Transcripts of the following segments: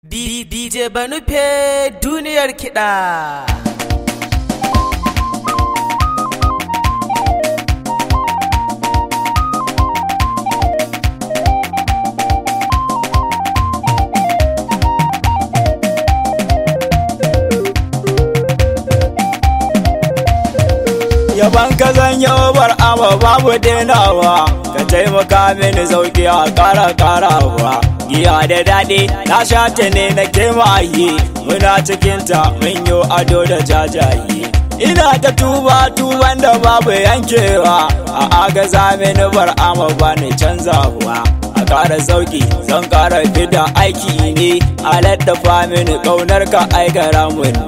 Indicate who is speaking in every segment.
Speaker 1: DJ Banufe duniyar kiɗa.
Speaker 2: Yaban ka babu denawa, ka taimaka mini sauki a ƙara ƙarawa. giya da daɗi na sha ta ne na kemaye muna cikinta mun yi ado da jajaye ina ta tuba tuban da babu yankewa a aga zamani bar ama ba ni canzawa a ƙara sauki zan ƙara fita aiki ne a halatta mini ƙaunar ka aikara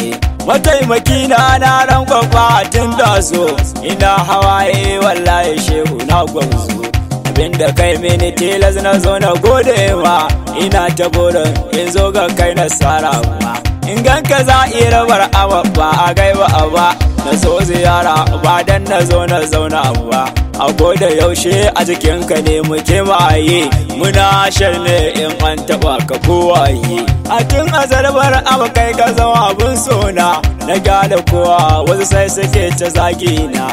Speaker 2: ne mataimaki na na ran kwakwa tun da so ina hawaye wallahi shehu na gwamzo abinda kai mini tilas na zo na gode ina ta burin in zo ga kai na sarawa in ganka za a rabar awa ba a gaiba a ba na so ziyara ba dan na zo na zauna ba a gode yaushe a jikinka ne muke maye, muna shar ne in an taba ka kowaye a tun azarbar awa kai ka zama abin sona na gada kowa wasu sai suke ta zagina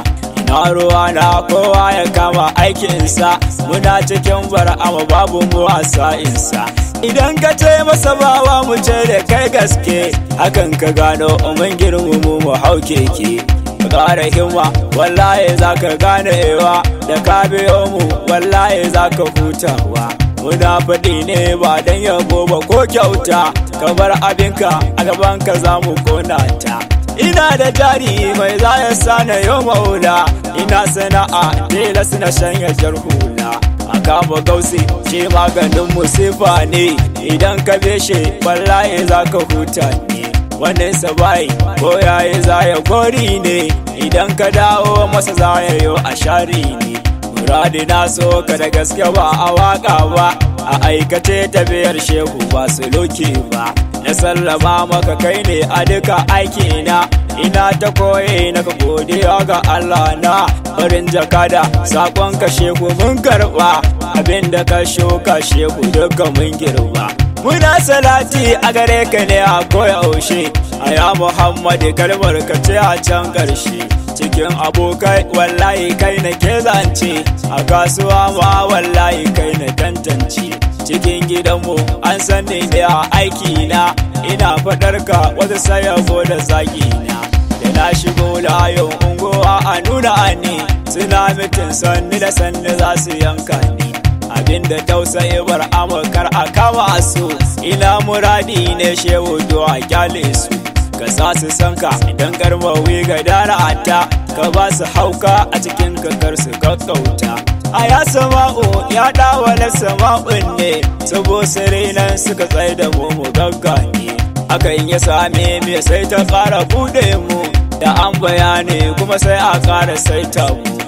Speaker 2: karuwa na kowa ya kama aikinsa muna cikin bar'ama babu mu sa'insa idan ka ce masa bawa mu ce da kai gaske hakan ka gano mun girmu mu hau keke ƙara himma wallahi za ka gane da ka biyo mu wallahi za ka hutawa muna faɗi ne ba don yabo ba ko kyauta kamar abinka a ka za mu kona ta ina da jari mai zaya ya maula ina sana'a dela suna shanya jar hula a kama gausi ce maganin musifa ne idan ka beshe ballaye za ka huta ne wannan sabai ko yayi za ya kori ne idan ka dawo masa za ya yo a shari ne muradi na so ka da gaske ba a waka ba a aikace ta biyar shehu ba su loke ba na sallama maka kai ne a duka aiki na ina ta koye na ka godiya ga Allah na farin jakada sakon ka sheku mun karba abinda ka shuka sheku duka mun girba muna salati a gare ka ne a koyaushe a ya muhammadu kalmar ka ce a can ƙarshe cikin abokai wallahi kai na ke zance a kasuwa ma wallahi kai na tantance cikin gidanmu an san ne a aiki na ina faɗar ka wata sayabo da zagi na da na shigo layon unguwa a nuna ne suna mitin sanni da sanni za su yanka ni abinda tausayi bar amurkar a kama su ina muradi ne shehu a kyale su ka sa su san ka don garmawi ga dara ta ka ba su hauka a cikin kakar su kakauta a ya sama'u ya dawala sama'un ne sabo nan suka tsaye da mu mu gaggane hakan ya same me sai ta ƙara bude mu da an bayani kuma sai a ƙara saita mu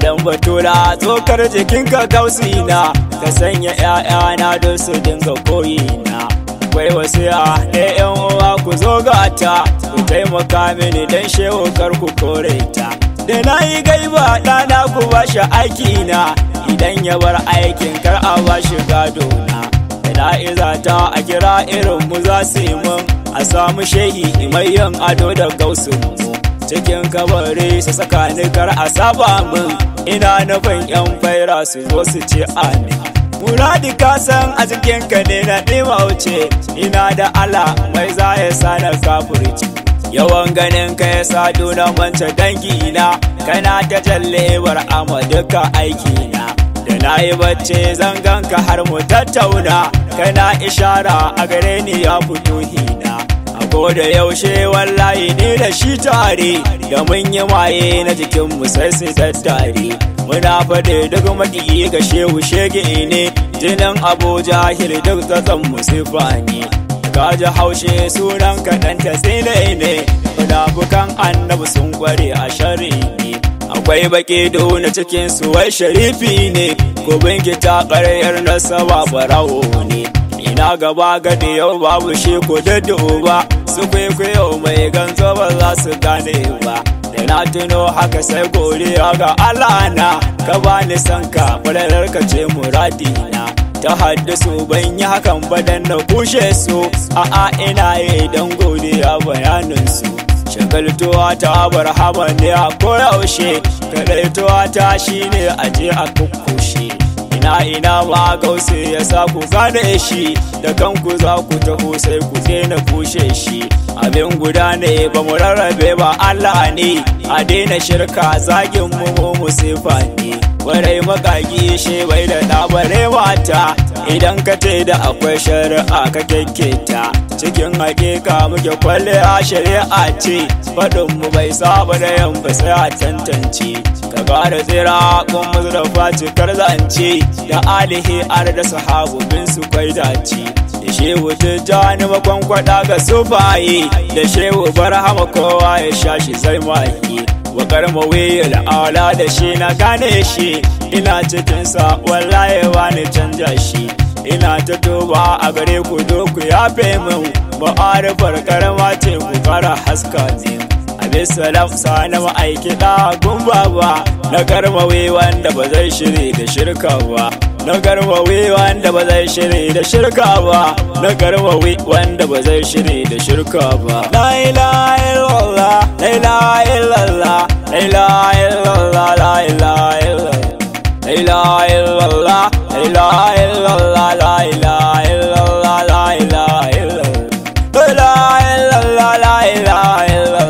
Speaker 2: dan batula tsokar jikinka kausina ka sanya ‘ya'yana don su dinga koyina akwai wasu ya ne yan uwa ku zo gata ku taimaka mini don kar ku kore ta da na yi gaiba ɗana ku ba shi aikina idan ya bar aikin kar a ba shi gadona da iza ta a kira irin mu za su yi mun a samu shehi mai yin ado da gausun mu cikin kabari su saka ni kar a saba min ina nufin yan faira su zo su ce ani muradi ka san a cikin ka ne na dima wuce ina da ala mai za ya sa na kafirci yawan ganin ka ya sa na mance dangi na kana ta jallewar amma duka aiki na da na yi bacci zangan ka har mu tattauna kana ishara a gare ni ya fito hina ko da yaushe wallahi ni da shi tare da mun yi waye na jikinmu sai su tattare muna fade duk maƙiyi ga shehu shege ne Jinan Abuja jahil duk tsatsan musifa ne ka ji haushe sunan kaɗan ta ne bukan annabi sun kware a shari akwai baƙi duna cikin su wai sharifi ne ko ta ƙaryar nasaba barawo ne ina gaba gadi yau babu shi ko da ba kwaikwayo mai ganzo ba za su gane ba da na tuno haka sai godiya ga Allah na ka bani ka falalar ka ce muradi na ta haddasu ban yi hakan ba dan na kushe su a'a ina yi dan godiya bayanin su shagaltuwa ta barhama ne a koyaushe kaɗaituwa ta shine aje a kukkushe ina ina ma gause ya sa ku gane shi da kanku za ku taho sai ku je na kushe shi abin guda ne ba mu rarrabe ba Allah ne a daina shirka zagin mu mu sifa warai magagi shi bai da labarai wata idan ka ce da akwai shari'a ka take ta cikin hakika muke kwalle shari'a ce mu bai saba da yan sai a tantance ka gara tsira kun muzurfa cikar zance da alihi ar da sahabobin su kwai dace da shehu ni makon kwaɗa ga sufaye da shehu Hama kowa ya sha shi zai mahi wakar mawiyar ala da shi na gane shi ina cikinsa wallaye ba ni canja shi ina ta tuba a gare ku zo ku yafe min ba'arifar karama ce ku fara haska ne Abdulsalam Sani ma'aiki ɗagun ba, na garmawe wanda ba zai shiri da shirka ba. Na garmawe wanda ba zai shiri da shirka ba. Na garmawe wanda ba zai shiri da shirka ba. La ilaha illallah, la ilaha illallah, la ilaha illallah, la ilaha illallah. La ilaha illallah, la ilaha illallah, la ilaha illallah, la ilaha illallah. La ilaha illallah, la ilaha illallah.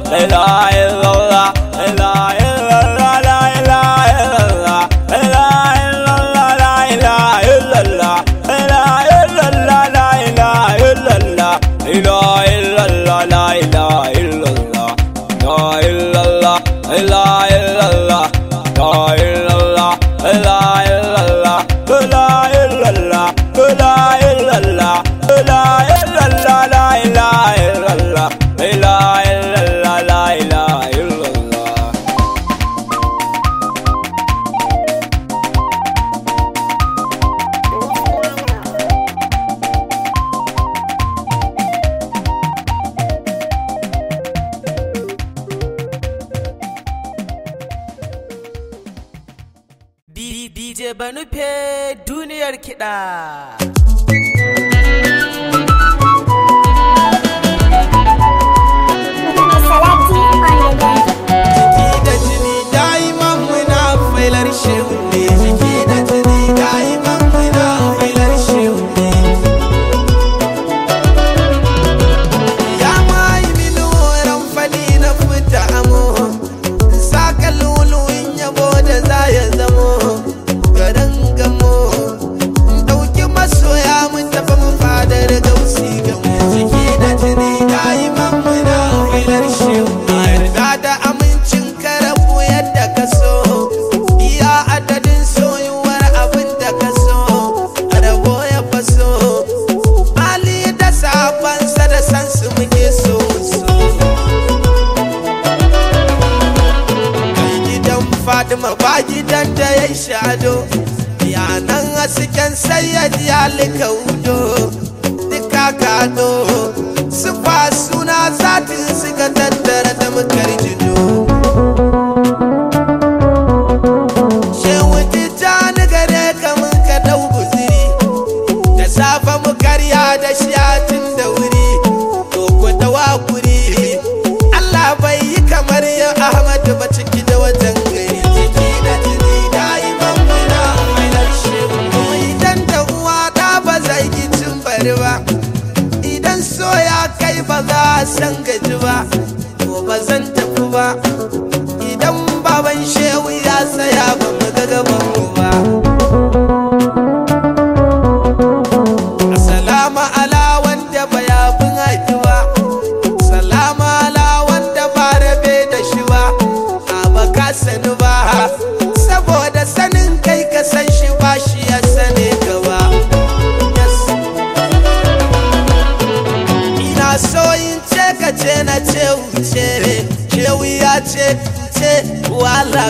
Speaker 1: I lick her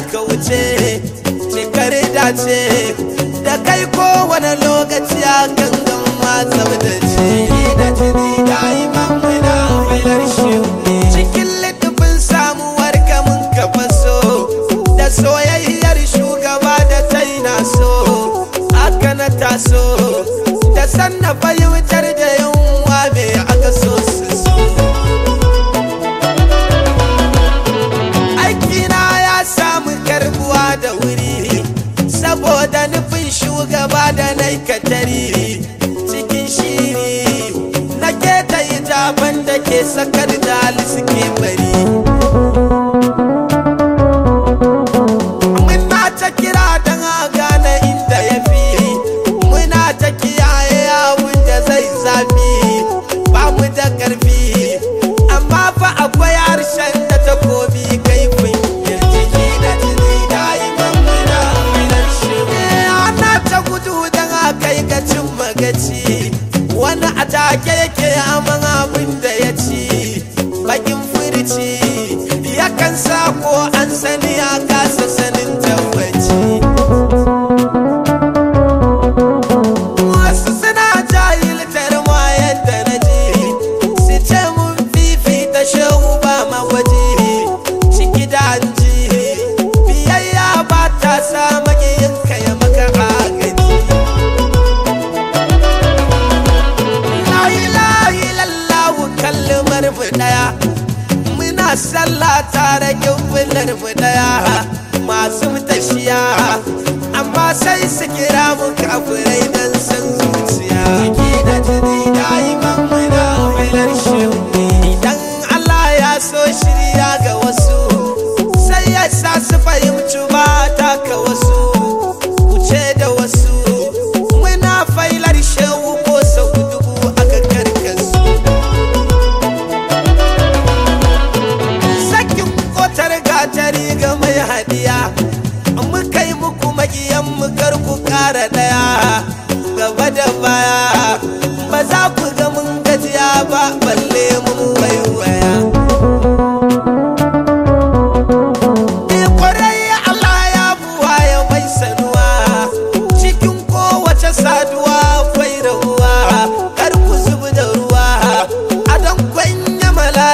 Speaker 1: ka ce kare dace da kai kowane lokaci a kan gama saboda ce da jini da imam muna filar shi cikin littafin samuwar kamun kafa so da soyayyar shugaba da taina na so aka na taso da sannan bayu Essa caridade da dalisi ke wani a yake aman abin da ya ci bakin furici yakan sa ko an sani a kasa sanin ta muna sallah tare kimfilar mu masu tashiya amma sai su kira mu kafirai dan san zuciya da jini da iman muna filar idan Allah ya so shirya ga wasu sai ya sa su fahimci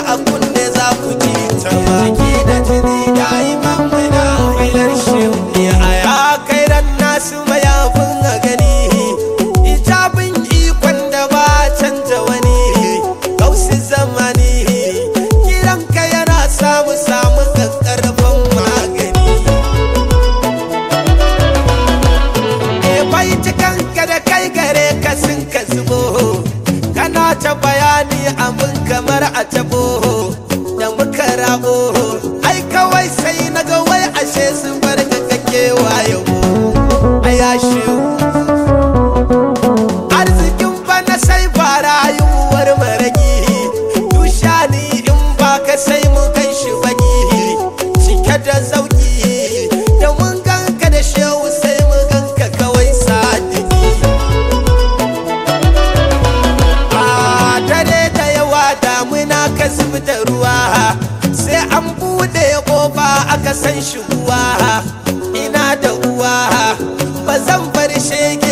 Speaker 1: a sai an bude kofa aka san shiguwa ina da uwa ba zan bar shege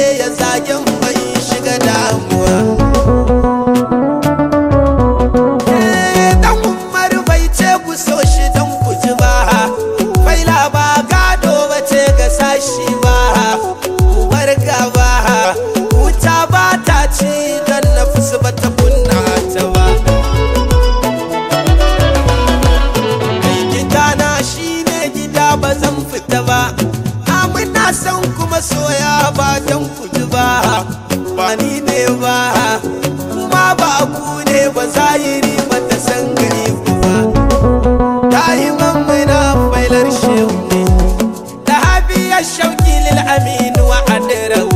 Speaker 1: zahiri ta san gari kuma ta yi mammuna failar shehu ne ta habiyar shauki lil aminu wa adirau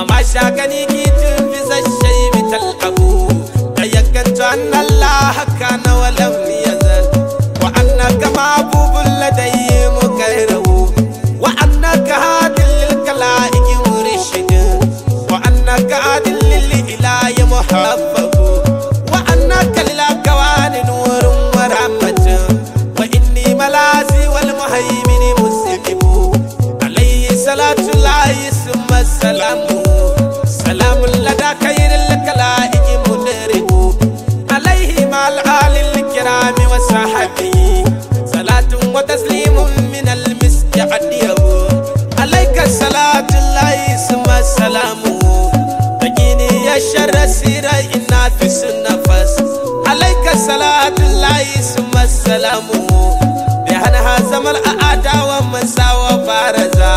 Speaker 1: amma shagani kitin bisa shaibi talabu da yakanto an Allah haka na walam yazal wa annaka mabubul ladayyimu salatin layi su masalamu bagini ya shara sira ina fi nafas alaika salatin layi su masalamu bai hana hazamar a adawa masawa baraza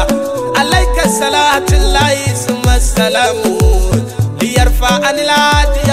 Speaker 1: alaika salatin layi su masalamu liyarfa aniladi